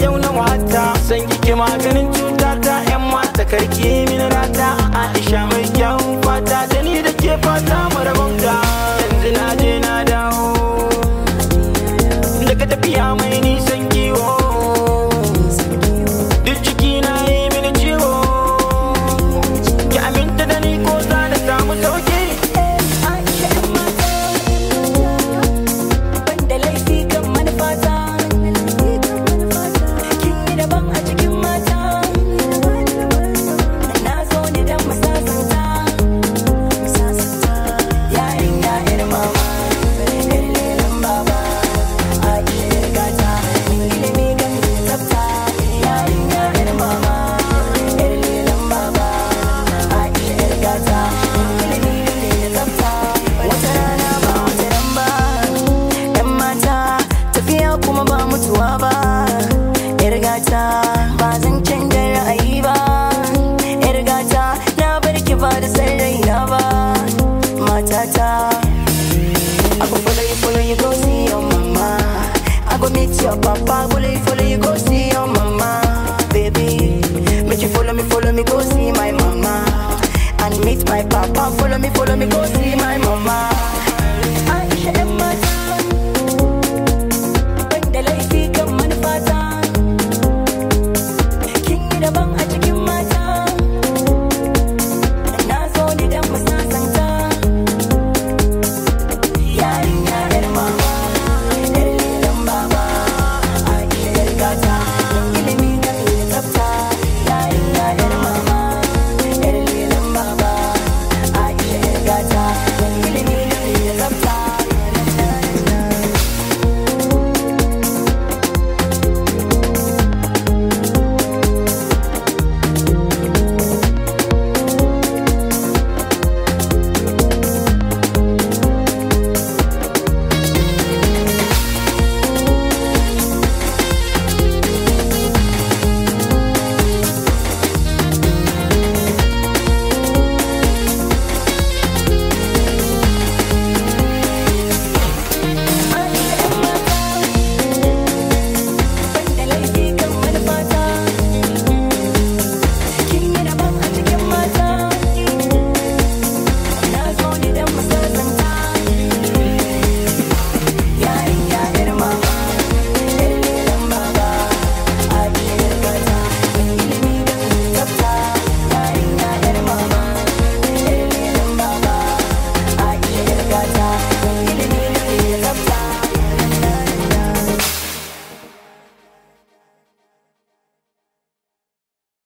yau na wata san kike maganin cuta ta yan mata karki go meet your papa. Follow you, follow you, go see your mama, baby. Make you follow me, follow me, go see my mama. And meet my papa. Follow me, follow me, go see